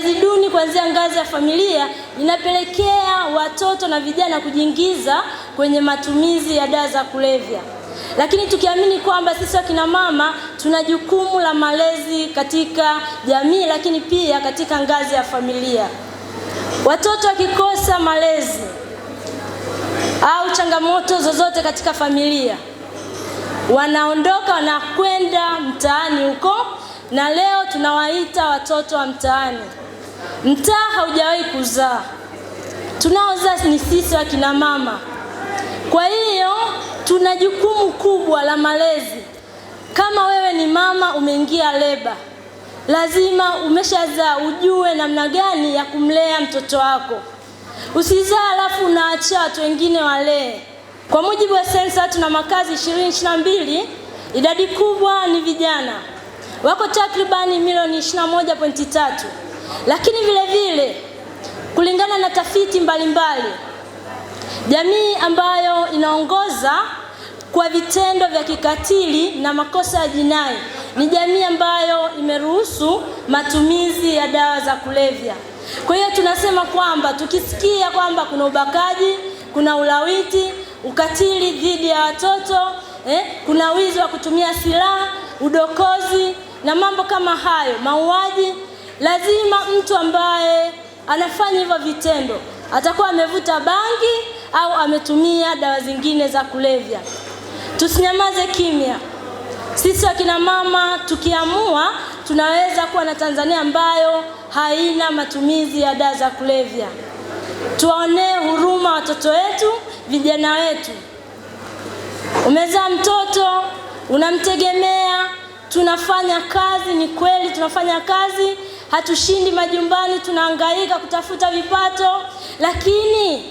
malezi duni kuanzia ngazi ya familia inapelekea watoto na vijana kujiingiza kwenye matumizi ya dawa za kulevya, lakini tukiamini kwamba sisi wakina mama tuna jukumu la malezi katika jamii, lakini pia katika ngazi ya familia. Watoto wakikosa malezi au changamoto zozote katika familia, wanaondoka wanakwenda mtaani huko, na leo tunawaita watoto wa mtaani. Mtaa haujawahi kuzaa, tunaozaa ni sisi wakina mama. Kwa hiyo tuna jukumu kubwa la malezi. Kama wewe ni mama umeingia leba, lazima umeshazaa ujue namna gani ya kumlea mtoto wako. Usizaa alafu unaachia watu wengine walee. Kwa mujibu wa sensa, tuna makazi 2022 idadi kubwa ni vijana, wako takribani milioni 21.3. Lakini vile vile kulingana na tafiti mbalimbali mbali, jamii ambayo inaongoza kwa vitendo vya kikatili na makosa ya jinai ni jamii ambayo imeruhusu matumizi ya dawa za kulevya. Kwa hiyo tunasema kwamba tukisikia kwamba kuna ubakaji, kuna ulawiti, ukatili dhidi ya watoto eh, kuna wizi wa kutumia silaha, udokozi na mambo kama hayo, mauaji Lazima mtu ambaye anafanya hivyo vitendo atakuwa amevuta bangi au ametumia dawa zingine za kulevya. Tusinyamaze kimya. Sisi wakina mama tukiamua, tunaweza kuwa na Tanzania ambayo haina matumizi ya dawa za kulevya. Tuwaonee huruma watoto wetu, vijana wetu. Umezaa mtoto, unamtegemea. Tunafanya kazi, ni kweli tunafanya kazi hatushindi majumbani, tunahangaika kutafuta vipato, lakini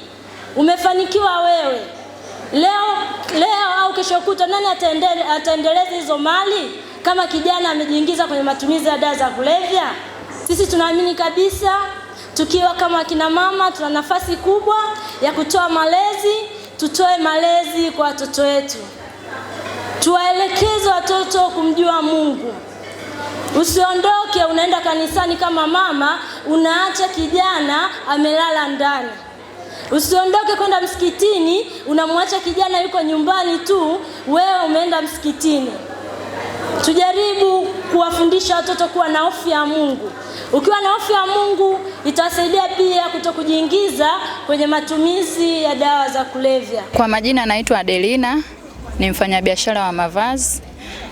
umefanikiwa wewe. Leo leo au kesho kutwa, nani ataendeleza hizo mali kama kijana amejiingiza kwenye matumizi ya dawa za kulevya? Sisi tunaamini kabisa tukiwa kama akina mama tuna nafasi kubwa ya kutoa malezi. Tutoe malezi kwa watoto wetu, tuwaelekeze watoto kumjua Mungu. Usiondoke unaenda kanisani kama mama, unaacha kijana amelala ndani. Usiondoke kwenda msikitini, unamwacha kijana yuko nyumbani tu, wewe umeenda msikitini. Tujaribu kuwafundisha watoto kuwa na hofu ya Mungu. Ukiwa na hofu ya Mungu itawasaidia pia kuto kujiingiza kwenye matumizi ya dawa za kulevya. Kwa majina naitwa Adelina, ni mfanyabiashara wa mavazi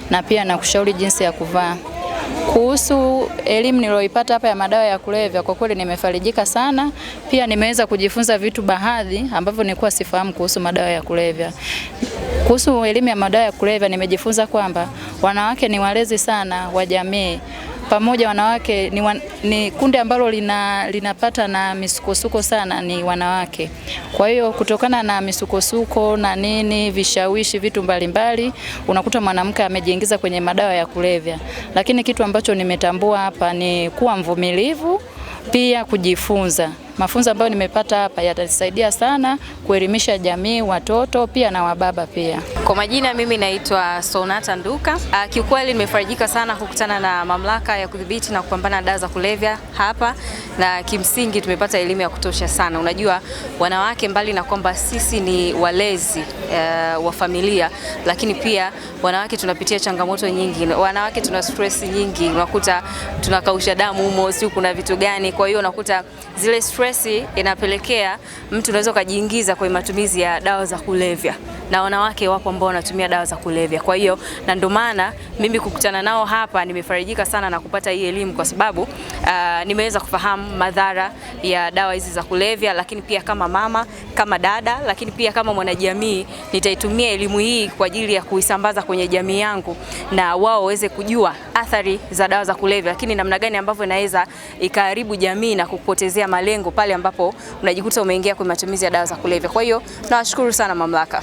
na pia nakushauri jinsi ya kuvaa. Kuhusu elimu niliyoipata hapa ya madawa ya kulevya, kwa kweli nimefarijika sana. Pia nimeweza kujifunza vitu baadhi ambavyo nilikuwa sifahamu kuhusu madawa ya kulevya. Kuhusu elimu ya madawa ya kulevya, nimejifunza kwamba wanawake ni walezi sana wa jamii pamoja wanawake ni, wan, ni kundi ambalo lina, linapata na misukosuko sana ni wanawake. Kwa hiyo kutokana na misukosuko na nini vishawishi vitu mbalimbali mbali, unakuta mwanamke amejiingiza kwenye madawa ya kulevya, lakini kitu ambacho nimetambua hapa ni kuwa mvumilivu, pia kujifunza. Mafunzo ambayo nimepata hapa yatasaidia sana kuelimisha jamii, watoto pia na wababa pia. Kwa majina mimi naitwa Sonata Nduka. Ah, kiukweli nimefarijika sana kukutana na mamlaka ya kudhibiti na kupambana na dawa za kulevya hapa, na kimsingi tumepata elimu ya kutosha sana. Unajua wanawake, mbali na kwamba sisi ni walezi uh, wa familia, lakini pia wanawake tunapitia changamoto nyingi, wanawake tuna stress nyingi, unakuta tunakausha damu humo, si kuna vitu gani? Kwa hiyo unakuta zile stress stress inapelekea mtu unaweza ukajiingiza kwenye matumizi ya dawa za kulevya, na wanawake wapo ambao wanatumia dawa za kulevya. Kwa hiyo na ndio maana mimi kukutana nao hapa nimefarijika sana na kupata hii elimu, kwa sababu uh, nimeweza kufahamu madhara ya dawa hizi za kulevya, lakini pia kama mama, kama dada, lakini pia kama mwanajamii, nitaitumia elimu hii kwa ajili ya kuisambaza kwenye jamii yangu, na wao waweze kujua athari za dawa za kulevya, lakini namna gani ambavyo inaweza ikaharibu jamii na kupotezea malengo pale ambapo unajikuta umeingia kwenye matumizi ya dawa za kulevya. Kwa hiyo nawashukuru sana mamlaka.